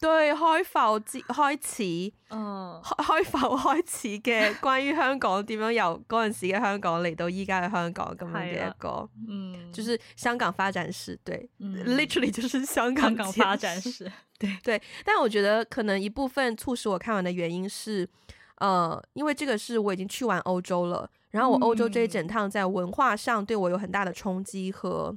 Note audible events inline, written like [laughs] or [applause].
對係開埠之開始，開開埠、嗯、開始嘅關於香港點樣由嗰陣時嘅香港嚟到依家嘅香港咁樣嘅一個，嗯，就是香港發展史，對、嗯、literally 就是香港香港發展史，對對， [laughs] 對。但我覺得可能一部分促使我看完的原因是，呃，因為這個是我已經去完歐洲了，然後我歐洲這一整趟在文化上對我有很大的衝擊和。